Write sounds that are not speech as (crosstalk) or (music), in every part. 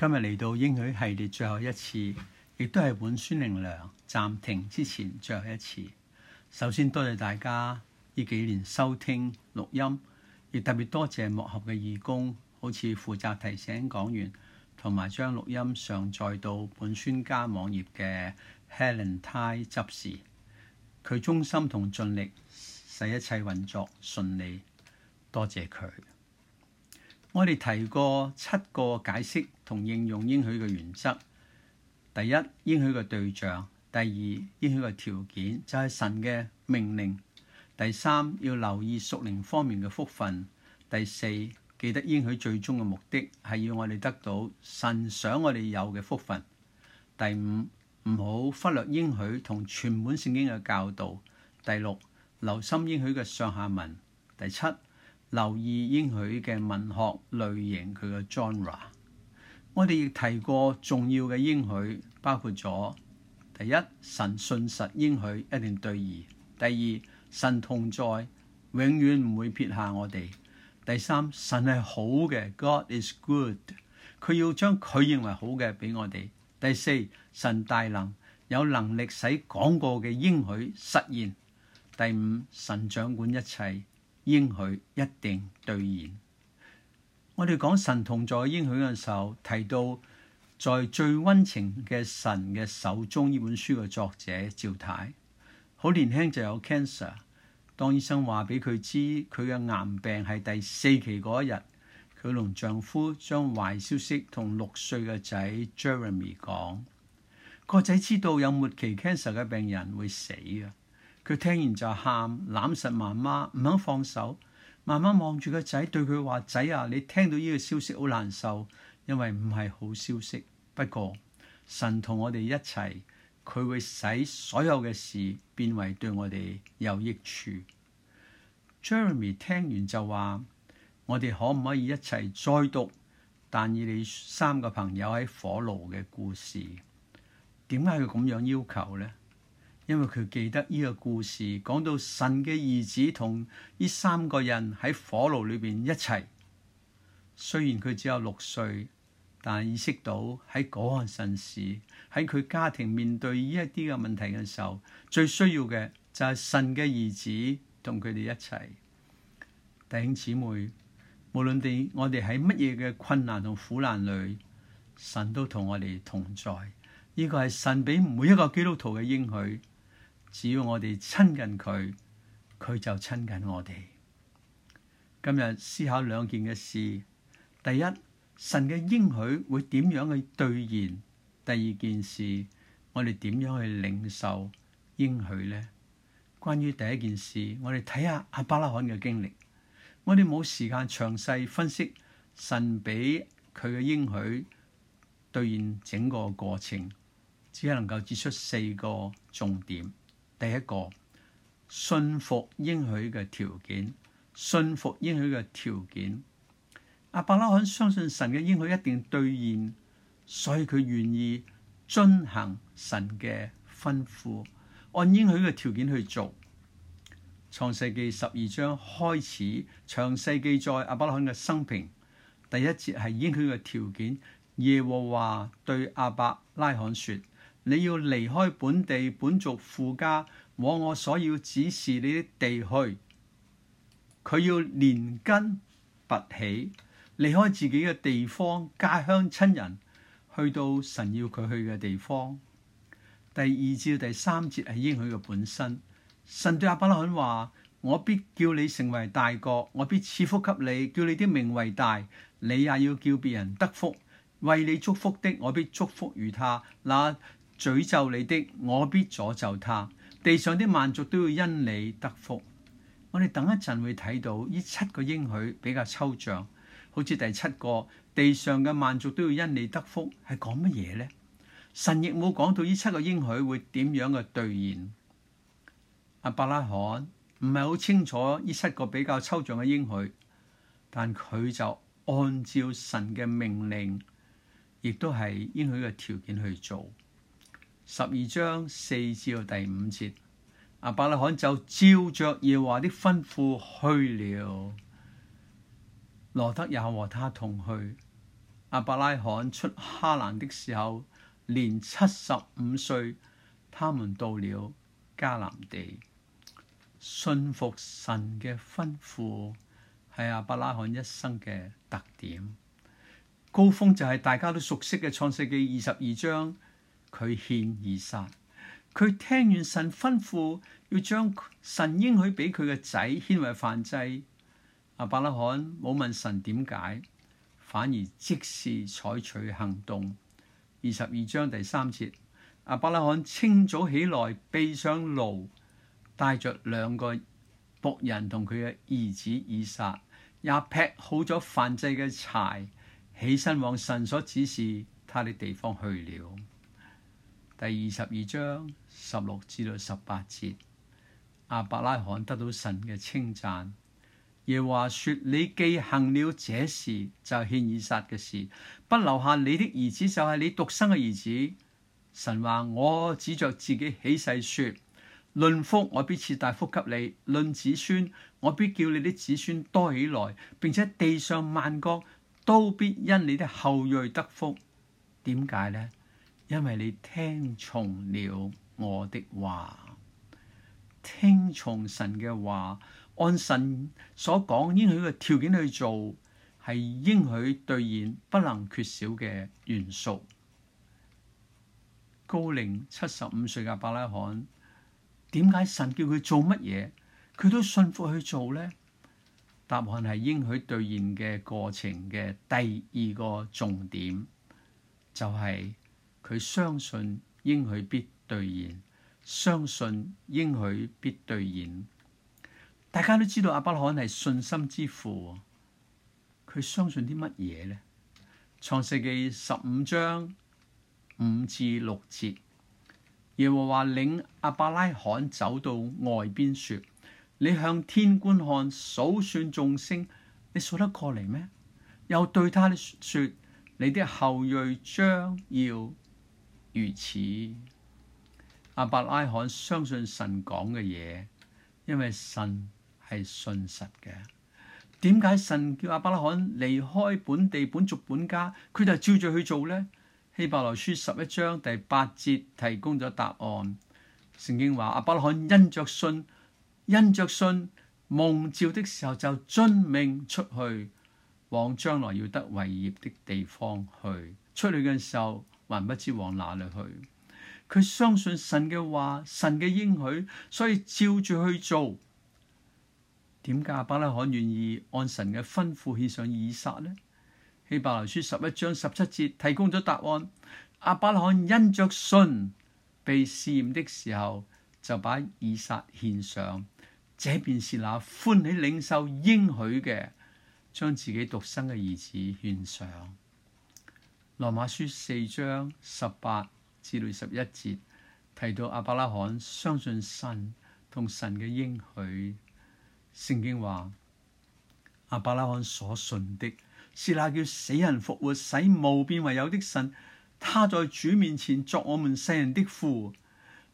今日嚟到應許系列最後一次，亦都係本孫靈糧暫停之前最後一次。首先多謝大家呢幾年收聽錄音，亦特別多謝幕後嘅義工，好似負責提醒講員，同埋將錄音上載到本孫家網頁嘅 Helen Tai 執事，佢衷心同盡力使一切運作順利，多謝佢。我哋提過七個解釋同應用應許嘅原則：第一，應許嘅對象；第二，應許嘅條件就係神嘅命令；第三，要留意屬靈方面嘅福分；第四，記得應許最終嘅目的係要我哋得到神想我哋有嘅福分；第五，唔好忽略應許同全本聖經嘅教導；第六，留心應許嘅上下文；第七，留意應許嘅文學類型，佢嘅 genre。我哋亦提過重要嘅應許，包括咗第一，神信實應許一定對義；第二，神同在，永遠唔會撇下我哋；第三，神係好嘅，God is good，佢要將佢認為好嘅俾我哋；第四，神大能，有能力使講過嘅應許實現；第五，神掌管一切。應許一定兌現。我哋講神同在應許嘅時候，提到在最溫情嘅神嘅手中，呢本書嘅作者趙太，好年輕就有 cancer。當醫生話俾佢知佢嘅癌病係第四期嗰一日，佢同丈夫將壞消息同六歲嘅仔 Jeremy 講。個仔知道有末期 cancer 嘅病人會死嘅。佢聽完就喊，攬實媽媽，唔肯放手。媽媽望住個仔，對佢話：仔啊，你聽到呢個消息好難受，因為唔係好消息。不過神同我哋一齊，佢會使所有嘅事變為對我哋有益處。 (music) Jeremy 聽完就話：我哋可唔可以一齊再讀但以理三個朋友喺火爐嘅故事？點解佢咁樣要求咧？因為佢記得呢個故事，講到神嘅兒子同呢三個人喺火爐裏邊一齊。雖然佢只有六歲，但係意識到喺嗰陣陣時，喺佢家庭面對呢一啲嘅問題嘅時候，最需要嘅就係神嘅兒子同佢哋一齊。弟兄姊妹，無論你我哋喺乜嘢嘅困難同苦難裏，神都同我哋同在。呢個係神俾每一個基督徒嘅應許。只要我哋親近佢，佢就親近我哋。今日思考兩件嘅事：第一，神嘅應許會點樣去兌現；第二件事，我哋點樣去領受應許呢？關於第一件事，我哋睇下亞伯拉罕嘅經歷。我哋冇時間詳細分析神俾佢嘅應許兌現整個過程，只係能夠指出四個重點。第一個，信服應許嘅條件，信服應許嘅條件。阿伯拉罕相信神嘅應許一定兌現，所以佢願意遵行神嘅吩咐，按應許嘅條件去做。創世記十二章開始詳細記載阿伯拉罕嘅生平，第一節係應許嘅條件。耶和華對阿伯拉罕說。你要離開本地本族父家，往我，我所要指示你的地去。佢要連根拔起，離開自己嘅地方、家鄉、親人，去到神要佢去嘅地方。第二至第三節係應許嘅本身。神對亞伯拉罕話：我必叫你成為大國，我必賜福給你，叫你的名為大，你也要叫別人得福。為你祝福的，我必祝福與他。那詛咒你的，我必詛咒他。地上的萬族都要因你得福。我哋等一陣會睇到呢七個應許比較抽象，好似第七個地上嘅萬族都要因你得福係講乜嘢呢？神亦冇講到呢七個應許會點樣嘅兌現。阿伯拉罕唔係好清楚呢七個比較抽象嘅應許，但佢就按照神嘅命令，亦都係應許嘅條件去做。十二章四至到第五節，阿伯拉罕就照着耶和華的吩咐去了。羅得也和他同去。阿伯拉罕出哈蘭的時候，年七十五歲。他們到了迦南地。信服神嘅吩咐係阿伯拉罕一生嘅特點。高峰就係大家都熟悉嘅創世記二十二章。佢獻以撒，佢聽完神吩咐，要將神應許俾佢嘅仔獻為燔祭。亞伯拉罕冇問神點解，反而即時採取行動。二十二章第三節，亞伯拉罕清早起來，備上驢，帶着兩個僕人同佢嘅兒子以撒，也劈好咗燔祭嘅柴，起身往神所指示他嘅地方去了。第二十二章十六至到十八節，亞伯拉罕得到神嘅稱讚，耶華說：你既行了這事，就是、獻以撒嘅事，不留下你的兒子，就係你獨生嘅兒子。神話我指着自己起誓說：論福，我必賜大福給你；論子孫，我必叫你啲子孫多起來，並且地上萬國都必因你的後裔得福。點解呢？因為你聽從了我的話，聽從神嘅話，按神所講應許嘅條件去做，係應許兌現不能缺少嘅元素。高齡七十五歲嘅巴拉罕，點解神叫佢做乜嘢，佢都信服去做呢？答案係應許兌現嘅過程嘅第二個重點，就係、是。佢相信應許必兌現，相信應許必兌現。大家都知道阿伯拉罕係信心之父，佢相信啲乜嘢呢？創世記十五章五至六節，耶和華領阿伯拉罕走到外邊，説：你向天觀看，數算眾星，你數得過嚟咩？又對他説：你的後裔將要如此，阿伯拉罕相信神講嘅嘢，因為神係信實嘅。點解神叫阿伯拉罕離開本地本族本家，佢就照着去做咧？希伯來書十一章第八節提供咗答案。聖經話阿伯拉罕因着信，因着信蒙召的時候就遵命出去，往將來要得為業的地方去。出去嘅時候，還不知往哪裏去，佢相信神嘅話，神嘅應許，所以照住去做。點解亞伯拉罕願意按神嘅吩咐獻上以撒呢？希伯來書十一章十七節提供咗答案：亞伯拉罕因着信，被試驗的時候，就把以撒獻上，這便是那歡喜領受應許嘅，將自己獨生嘅兒子獻上。羅馬書四章十八至六十一節提到亞伯拉罕相信神同神嘅應許。聖經話亞伯拉罕所信的是那叫死人復活、使無變為有的神。他在主面前作我們世人的父。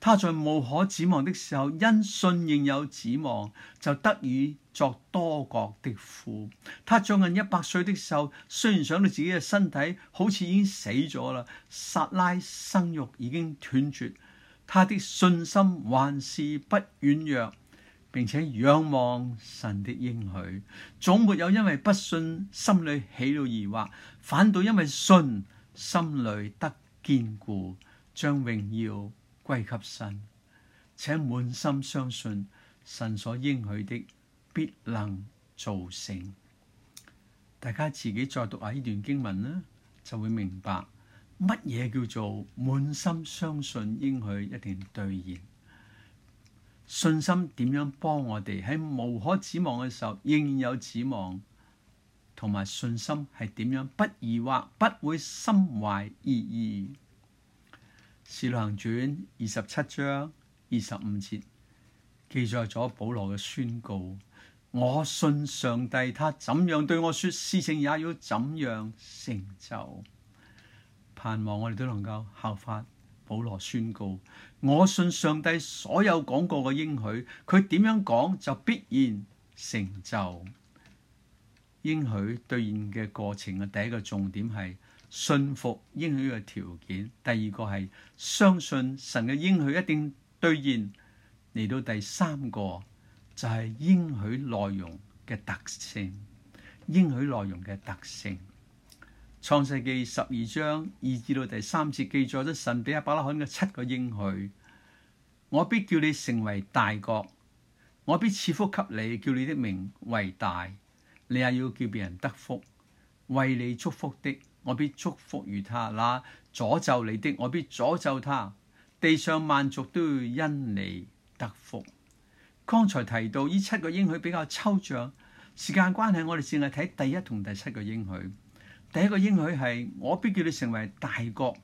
他在無可指望的時候，因信仍有指望，就得以作多國的父。他將近一百歲的時候，雖然想到自己嘅身體好似已經死咗啦，撒拉生育已經斷絕，他的信心還是不軟弱，並且仰望神的應許，總沒有因為不信，心裏起了疑惑，反倒因為信，心裏得堅固，將榮耀。歸給神，請滿心相信神所應許的必能做成。大家自己再讀下呢段經文呢，就會明白乜嘢叫做滿心相信應許一定兌現。信心點樣幫我哋喺無可指望嘅時候仍有指望，同埋信心係點樣不疑惑，不會心懷二意。《使徒行傳》二十七章二十五節記載咗保羅嘅宣告：我信上帝，他怎樣對我說事情，也要怎樣成就。盼望我哋都能夠效法保羅宣告：我信上帝所有講過嘅應許，佢點樣講就必然成就。應許兌現嘅過程嘅第一個重點係。信服應許嘅條件，第二個係相信神嘅應許一定兌現。嚟到第三個就係應許內容嘅特性。應許內容嘅特性，創世記十二章二至到第三節記載咗神俾亞伯拉罕嘅七個應許：我必叫你成為大國，我必賜福給你，叫你的名為大，你也要叫別人得福，為你祝福的。我必祝福於他，那詛咒你的，我必詛咒他。地上萬族都要因你得福。剛才提到呢七個應許比較抽象，時間關係，我哋淨係睇第一同第七個應許。第一個應許係我必叫你成為大國，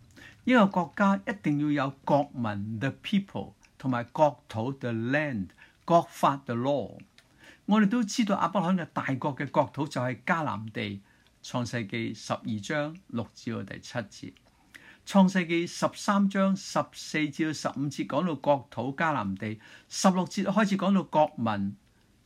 一個國家一定要有國民 the people，同埋國土 the land，國法 the law。我哋都知道阿伯罕嘅大國嘅國土就係迦南地。創世紀十二章六至到第七節，創世紀十三章十四至到十五節講到國土加南地，十六節開始講到國民。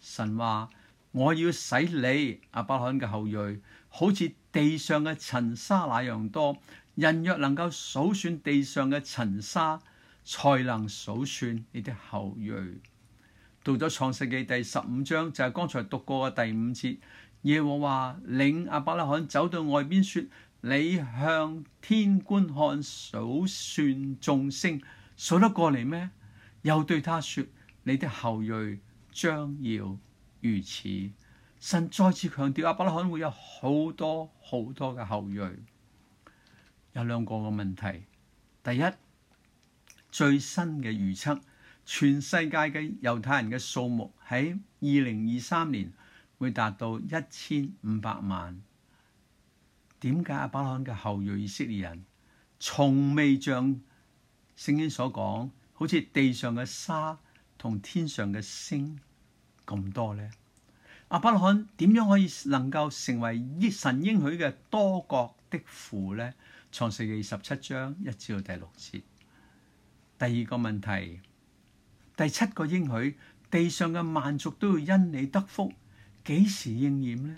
神話我要使你阿伯罕嘅後裔，好似地上嘅塵沙那樣多。人若能夠數算地上嘅塵沙，才能數算你啲後裔。到咗創世紀第十五章就係、是、剛才讀過嘅第五節。耶和華領亞伯拉罕走到外邊說：你向天觀看數算眾星，數得過嚟咩？又對他說：你的後裔將要如此。神再次強調亞伯拉罕會有好多好多嘅後裔。有兩個嘅問題，第一，最新嘅預測，全世界嘅猶太人嘅數目喺二零二三年。會達到一千五百萬。點解阿巴羅罕嘅後裔以色列人從未像聖經所講，好似地上嘅沙同天上嘅星咁多呢？阿巴羅罕點樣可以能夠成為應神應許嘅多國的父呢？創世記十七章一至到第六節。第二個問題，第七個應許，地上嘅萬族都要因你得福。幾時應驗呢？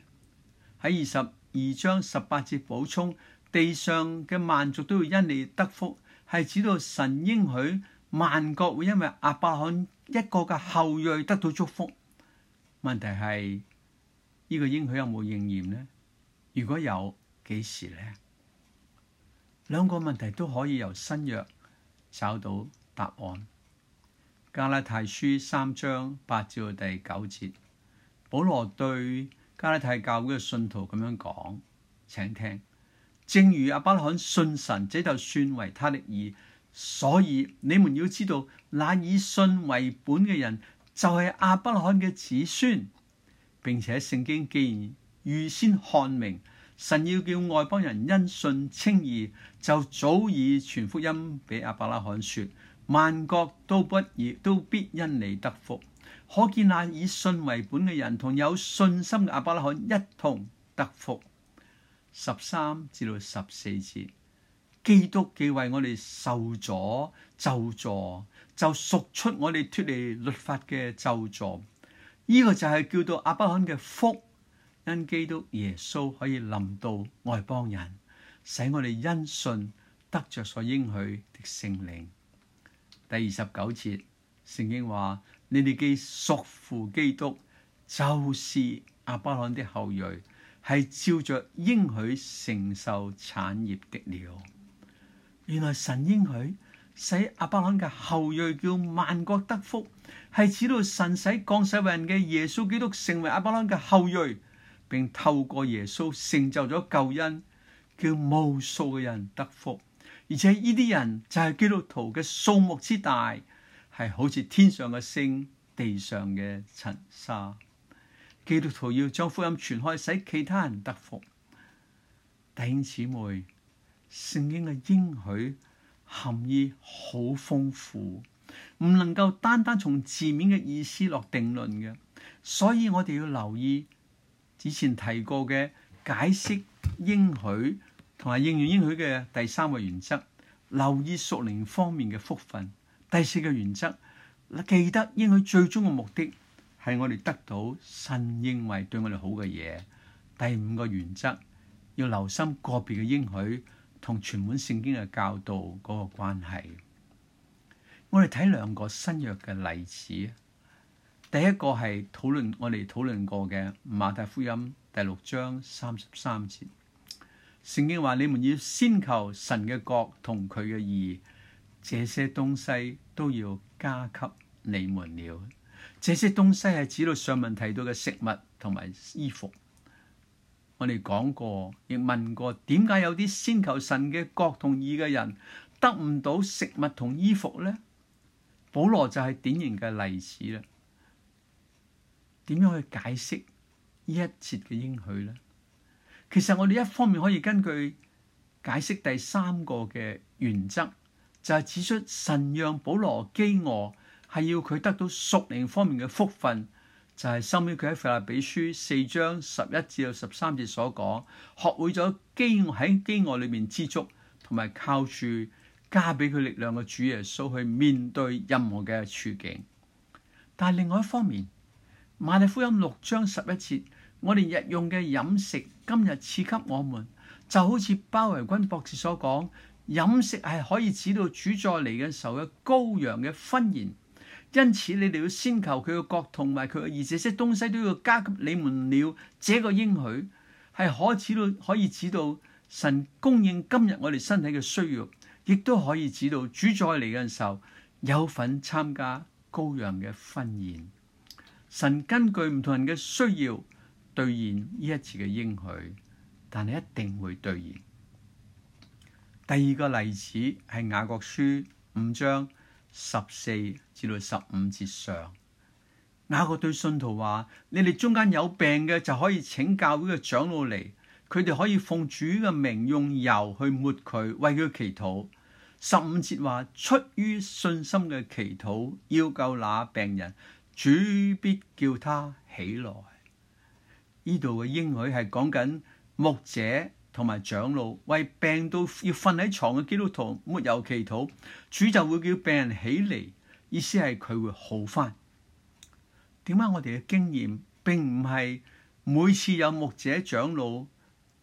喺二十二章十八節補充，地上嘅萬族都要因你得福，係指到神應許萬國會因為阿伯罕一個嘅後裔得到祝福。問題係呢個應許有冇應驗呢？如果有，幾時呢？兩個問題都可以由新約找到答案。加拉太書三章八至第九節。保羅對加拉太教會嘅信徒咁樣講，請聽：正如阿伯拉罕信神，這就算為他的義，所以你們要知道，那以信為本嘅人就係、是、阿伯拉罕嘅子孫，並且聖經既然預先看明，神要叫外邦人因信稱義，就早已傳福音俾阿伯拉罕說：萬國都不以都必因你得福。可見那以信為本嘅人同有信心嘅亞伯拉罕一同得福。十三至到十四節，基督既為我哋受咗咒詛，就贖出我哋脫離律法嘅咒詛。呢、這個就係叫做亞伯罕嘅福，因基督耶穌可以臨到外邦人，使我哋因信得着所應許的聖靈。第二十九節，聖經話。你哋嘅屬乎基督，就是阿巴罕的後裔，係照着應許承受產業的了。原來神應許，使阿巴罕嘅後裔叫萬國得福，係指到神使降世為人嘅耶穌基督成為阿巴罕嘅後裔，並透過耶穌成就咗救恩，叫無數嘅人得福。而且呢啲人就係基督徒嘅數目之大。係好似天上嘅星，地上嘅塵沙。基督徒要將福音傳開，使其他人得福。弟兄姊妹，聖經嘅應許含義好豐富，唔能夠單單從字面嘅意思落定論嘅。所以我哋要留意之前提過嘅解釋應許同埋應用應許嘅第三個原則，留意屬靈方面嘅福分。第四個原則，記得應許最終嘅目的係我哋得到神認為對我哋好嘅嘢。第五個原則，要留心個別嘅應許同全本聖經嘅教導嗰個關係。我哋睇兩個新約嘅例子，第一個係討論我哋討論過嘅馬太福音第六章三十三節，聖經話：你們要先求神嘅國同佢嘅義。這些東西都要加給你們了。這些東西係指到上文提到嘅食物同埋衣服。我哋講過，亦問過點解有啲先求神嘅國同義嘅人得唔到食物同衣服呢？保羅就係典型嘅例子啦。點樣去解釋一切嘅應許呢？其實我哋一方面可以根據解釋第三個嘅原則。就係指出神讓保羅飢餓，係要佢得到屬靈方面嘅福分，就係收尾佢喺腓立比書四章十一至到十三節所講，學會咗飢餓喺飢餓裏面知足，同埋靠住加俾佢力量嘅主耶穌去面對任何嘅處境。但係另外一方面，馬太福音六章十一節，我哋日用嘅飲食今日賜給我們，就好似包維君博士所講。飲食係可以指到主再嚟嘅時候嘅羔羊嘅婚宴，因此你哋要先求佢嘅國同埋佢嘅義，這些東西都要加給你們了。這個應許係可指到，可以指到神供應今日我哋身體嘅需要，亦都可以指到主再嚟嘅時候有份參加羔羊嘅婚宴。神根據唔同人嘅需要兌現呢一次嘅應許，但係一定會兌現。第二個例子係雅各書五章十四至到十五節上，雅各對信徒話：，你哋中間有病嘅就可以請教會嘅長老嚟，佢哋可以奉主嘅名用油去抹佢，為佢祈禱。十五節話：，出於信心嘅祈禱要救那病人，主必叫他起來。呢度嘅應許係講緊牧者。同埋長老為病到要瞓喺床嘅基督徒抹油祈禱，主就會叫病人起嚟，意思係佢會好返。點解我哋嘅經驗並唔係每次有牧者長老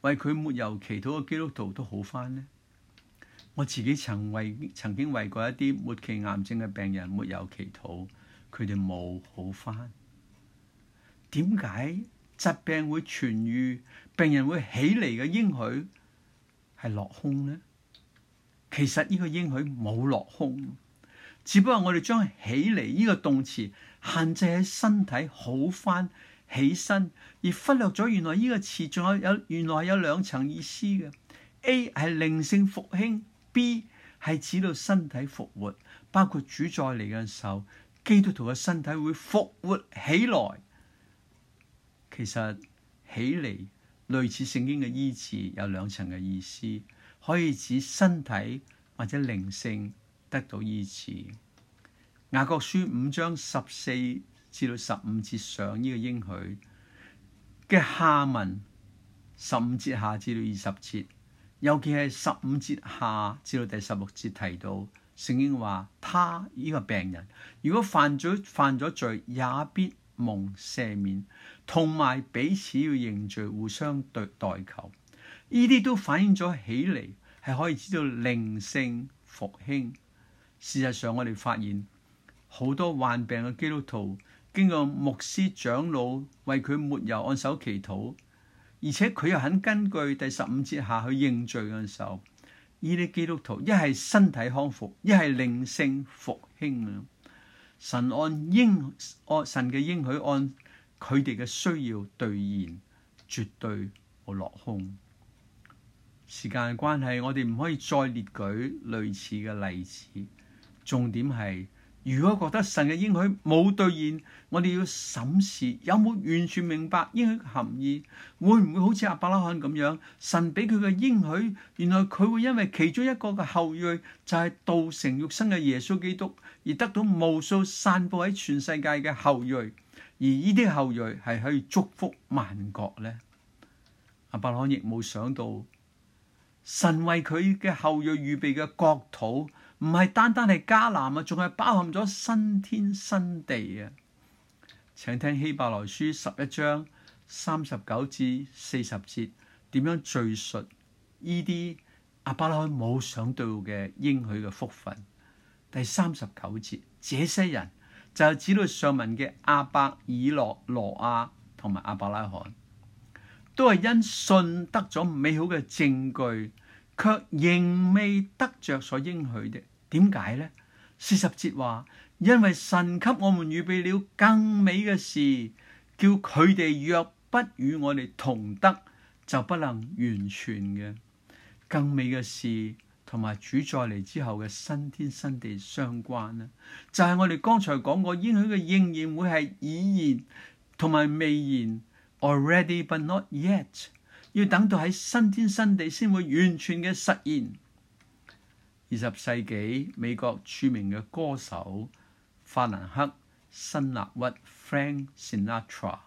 為佢抹油祈禱嘅基督徒都好返呢？我自己曾為曾經為過一啲末期癌症嘅病人抹油祈禱，佢哋冇好返。點解？疾病會痊癒，病人會起嚟嘅應許係落空咧？其實呢個應許冇落空，只不過我哋將起嚟呢個動詞限制喺身體好翻起身，而忽略咗原來呢個詞仲有有原來係有兩層意思嘅。A 係靈性復興，B 係指到身體復活，包括主再嚟嘅時候，基督徒嘅身體會復活起來。其實起嚟類似聖經嘅醫治有兩層嘅意思，可以指身體或者靈性得到醫治。雅各書五章十四至到十五節上呢個應許嘅下文，十五節下至到二十節，尤其係十五節下至到第十六節提到聖經話，他呢、這個病人，如果犯咗犯咗罪，也必蒙赦免。同埋彼此要認罪，互相對代求，呢啲都反映咗起嚟係可以知道靈性復興。事實上，我哋發現好多患病嘅基督徒經過牧師長老為佢抹油按手祈禱，而且佢又肯根據第十五節下去認罪嘅時候，呢啲基督徒一係身體康復，一係靈性復興啊！神按應按神嘅應許按。佢哋嘅需要兌現，絕對冇落空。時間嘅關係，我哋唔可以再列舉類似嘅例子。重點係。如果覺得神嘅應許冇兌現，我哋要審視有冇完全明白應許嘅含義，會唔會好似阿伯拉罕咁樣？神俾佢嘅應許，原來佢會因為其中一個嘅後裔就係道成肉身嘅耶穌基督，而得到無數散佈喺全世界嘅後裔，而呢啲後裔係可以祝福萬國呢？阿伯拉罕亦冇想到，神為佢嘅後裔預備嘅國土。唔係單單係迦南啊，仲係包含咗新天新地啊！請聽希伯來書十一章三十九至四十節，點樣敘述呢啲阿伯拉罕冇想到嘅應許嘅福分？第三十九節，這些人就係指到上文嘅阿伯以諾、羅亞同埋阿伯拉罕，都係因信得咗美好嘅證據，卻仍未得着所應許的。點解呢？四十節話，因為神給我們預備了更美嘅事，叫佢哋若不與我哋同得，就不能完全嘅。更美嘅事同埋主再嚟之後嘅新天新地相關啊！就係、是、我哋剛才講過，應許嘅應驗會係已然同埋未然，already but not yet，要等到喺新天新地先會完全嘅實現。二十世紀美國著名嘅歌手法蘭克辛納屈 （Frank Sinatra），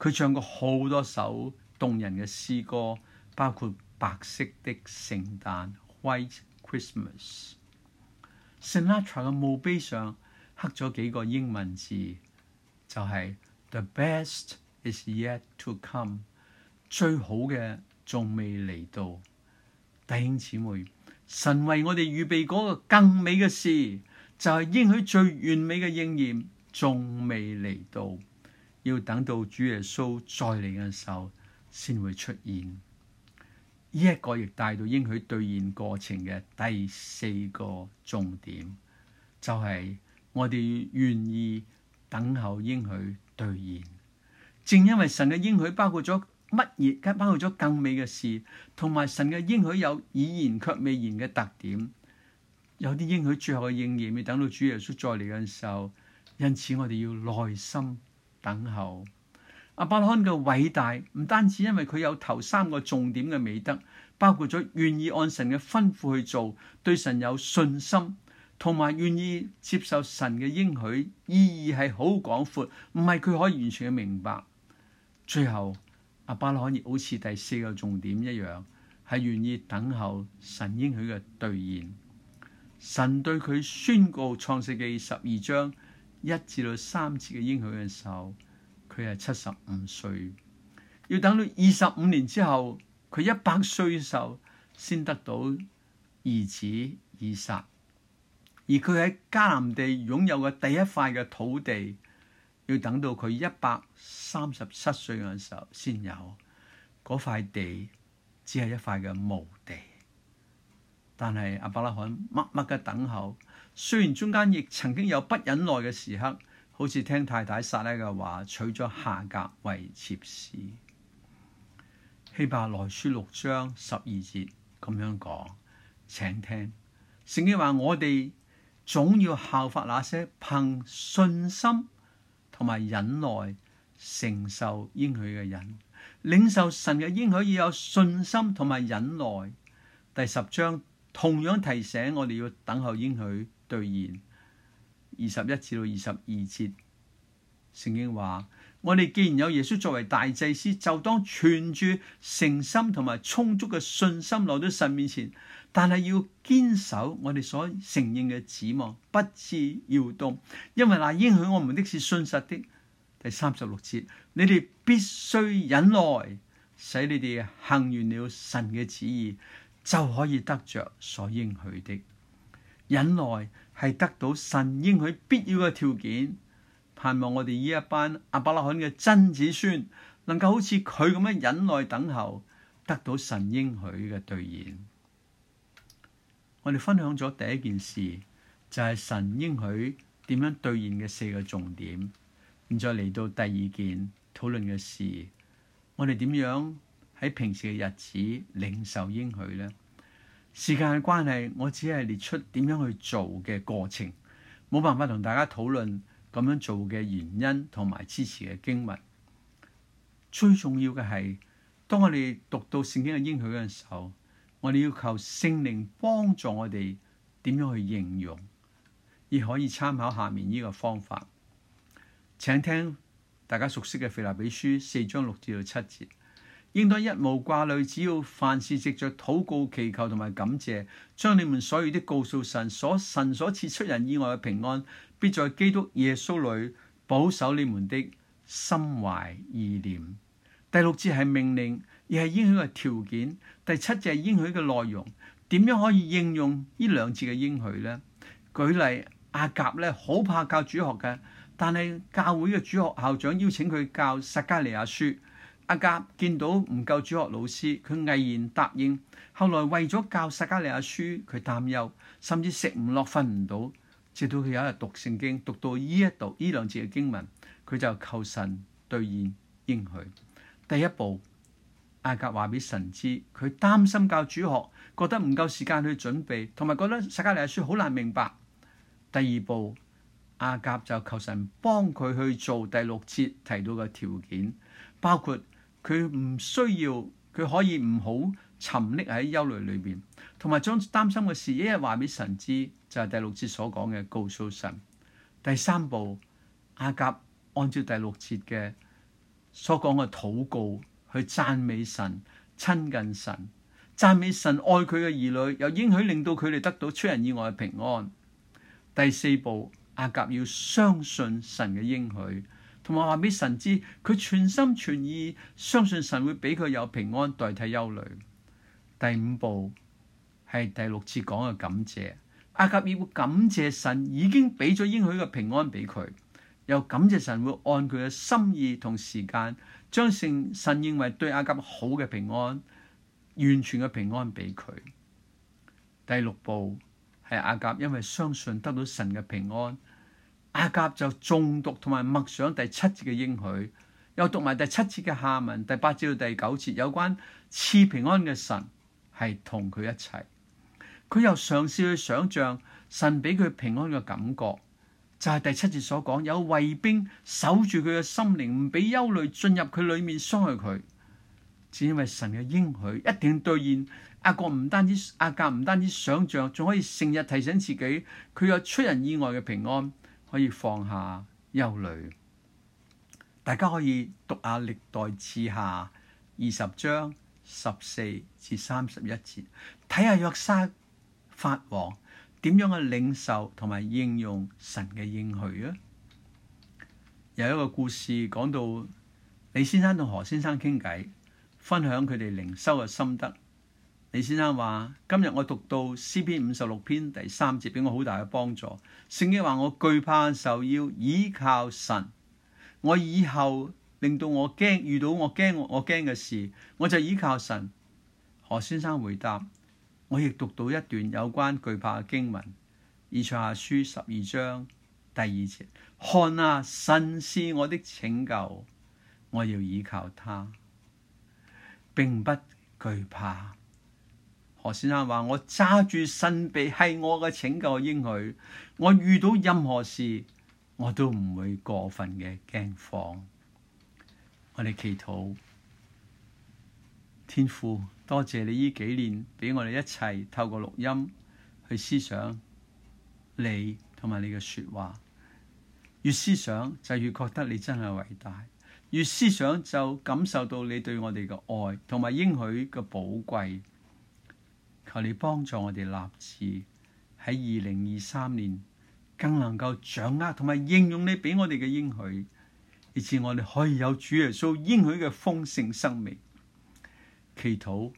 佢唱過好多首動人嘅詩歌，包括《白色的聖誕》（White Christmas）。Sinatra 嘅墓碑上刻咗幾個英文字，就係、是、The best is yet to come，最好嘅仲未嚟到。弟兄姊妹。神為我哋預備嗰個更美嘅事，就係、是、應許最完美嘅應驗，仲未嚟到，要等到主耶穌再嚟嘅時候，先會出現。呢、這、一個亦帶到應許兌現過程嘅第四個重點，就係、是、我哋願意等候應許兌現。正因為神嘅應許包括咗。乜嘢？包括咗更美嘅事，同埋神嘅應許有已然卻未然嘅特點，有啲應許最後嘅應驗未等到主耶穌再嚟嘅時候，因此我哋要耐心等候。阿伯拉罕嘅偉大唔單止因為佢有頭三個重點嘅美德，包括咗願意按神嘅吩咐去做，對神有信心，同埋願意接受神嘅應許，意義係好廣闊，唔係佢可以完全明白。最後。亞伯拉罕也好似第四個重點一樣，係願意等候神應許嘅兌現。神對佢宣告創世紀十二章一至到三節嘅應許嘅時候，佢係七十五歲，要等到二十五年之後，佢一百歲嘅時候先得到兒子以撒，而佢喺迦南地擁有嘅第一塊嘅土地，要等到佢一百三十七歲嘅時候，先有嗰塊地，只係一塊嘅墓地。但係亞伯拉罕默默嘅等候，雖然中間亦曾經有不忍耐嘅時刻，好似聽太太撒拉嘅話，取咗夏甲為妾侍。希伯來書六章十二節咁樣講，請聽，聖經話：我哋總要效法那些憑信心。同埋忍耐承受應許嘅人，領受神嘅應許要有信心同埋忍耐。第十章同樣提醒我哋要等候應許兌現。二十一至到二十二節，聖經話：我哋既然有耶穌作為大祭司，就當存住誠心同埋充足嘅信心，落到神面前。但係要堅守我哋所承認嘅指望，不致搖動，因為那應許我們的，的是信實的。第三十六節，你哋必須忍耐，使你哋行完了神嘅旨意，就可以得着所應許的。忍耐係得到神應許必要嘅條件。盼望我哋呢一班阿伯拉罕嘅真子孫，能夠好似佢咁樣忍耐等候，得到神應許嘅兌現。我哋分享咗第一件事，就係神應許點樣兌現嘅四個重點，再嚟到第二件討論嘅事，我哋點樣喺平時嘅日子領受應許咧？時間嘅關係，我只係列出點樣去做嘅過程，冇辦法同大家討論咁樣做嘅原因同埋支持嘅經文。最重要嘅係，當我哋讀到聖經嘅應許嘅時候，我哋要求聖靈幫助我哋點樣去形容，亦可以參考下面呢個方法。請聽大家熟悉嘅腓立比書四章六至到七節，應當一無掛慮，只要凡事藉着禱告、祈求同埋感謝，將你們所有啲告訴神，所神所賜出人意外嘅平安，必在基督耶穌裏保守你們的心懷意念。第六節係命令。而係應許嘅條件，第七隻應許嘅內容，點樣可以應用呢兩節嘅應許呢？舉例，阿甲呢好怕教主學嘅，但係教會嘅主學校長邀請佢教撒加利亞書。阿甲見到唔夠主學老師，佢毅然答應。後來為咗教撒加利亞書，佢擔憂，甚至食唔落瞓唔到。直到佢有一日讀聖經，讀到呢一度呢兩節嘅經文，佢就求神兌現應許。第一步。阿甲話俾神知，佢擔心教主學，覺得唔夠時間去準備，同埋覺得撒迦利亞書好難明白。第二步，阿甲就求神幫佢去做第六節提到嘅條件，包括佢唔需要，佢可以唔好沉溺喺憂慮裏邊，同埋將擔心嘅事一日話俾神知，就係第六節所講嘅告訴神。第三步，阿甲按照第六節嘅所講嘅禱告。去讚美神、親近神、讚美神愛佢嘅兒女，又應許令到佢哋得到出人意外嘅平安。第四步，阿甲要相信神嘅應許，同埋話俾神知，佢全心全意相信神會俾佢有平安代替憂慮。第五步，係第六次講嘅感謝，阿甲要感謝神已經俾咗應許嘅平安俾佢。又感謝神會按佢嘅心意同時間，將聖神認為對阿甲好嘅平安、完全嘅平安俾佢。第六步係阿甲，因為相信得到神嘅平安，阿甲就重讀同埋默想第七節嘅應許，又讀埋第七節嘅下文，第八節到第九節有關賜平安嘅神係同佢一齊。佢又嘗試去想像神俾佢平安嘅感覺。就係第七節所講，有衛兵守住佢嘅心靈，唔俾憂慮進入佢裏面，傷害佢。只因為神嘅應許一定兌現阿，阿國唔單止阿格唔單止想象，仲可以成日提醒自己，佢有出人意外嘅平安，可以放下憂慮。大家可以讀下歷代志下二十章十四至三十一節，睇下約沙法王。點樣去領受同埋應用神嘅應許啊？有一個故事講到李先生同何先生傾偈，分享佢哋靈修嘅心得。李先生話：今日我讀到詩篇五十六篇第三節，俾我好大嘅幫助。聖經話我懼怕受要依靠神。我以後令到我驚遇到我驚我驚嘅事，我就依靠神。何先生回答。我亦讀到一段有關懼怕嘅經文，以賽亞書十二章第二節：看啊，神是我的拯救，我要依靠他，並不懼怕。何先生話：我揸住神臂係我嘅拯救應許，我遇到任何事，我都唔會過分嘅驚慌。我哋祈禱。天父，多謝你呢幾年俾我哋一齊透過錄音去思想你同埋你嘅說話，越思想就越覺得你真係偉大，越思想就感受到你對我哋嘅愛同埋應許嘅寶貴。求你幫助我哋立志喺二零二三年更能夠掌握同埋應用你俾我哋嘅應許，以致我哋可以有主耶穌應許嘅豐盛生命。祈禱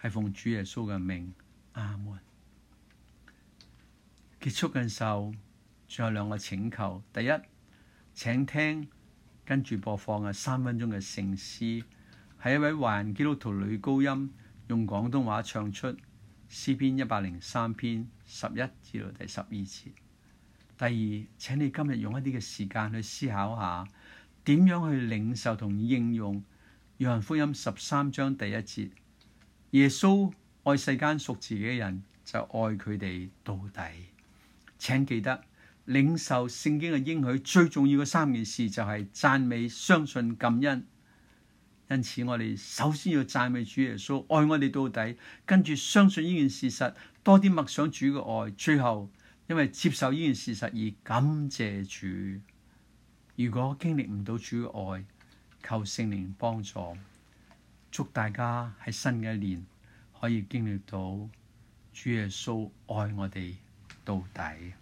係奉主耶穌嘅名，阿門。結束嘅時候，仲有兩個請求：第一，請聽跟住播放嘅三分鐘嘅聖詩，係一位華人基督徒女高音用廣東話唱出詩篇一百零三篇十一至到第十二節。第二，請你今日用一啲嘅時間去思考下，點樣去領受同應用。約翰福音十三章第一節：耶穌愛世間屬自己嘅人，就愛佢哋到底。請記得，領受聖經嘅應許，最重要嘅三件事就係讚美、相信、感恩。因此，我哋首先要讚美主耶穌愛我哋到底，跟住相信呢件事實，多啲默想主嘅愛。最後，因為接受呢件事實而感謝主。如果經歷唔到主嘅愛，求聖靈幫助，祝大家喺新嘅一年可以經歷到主耶穌愛我哋到底。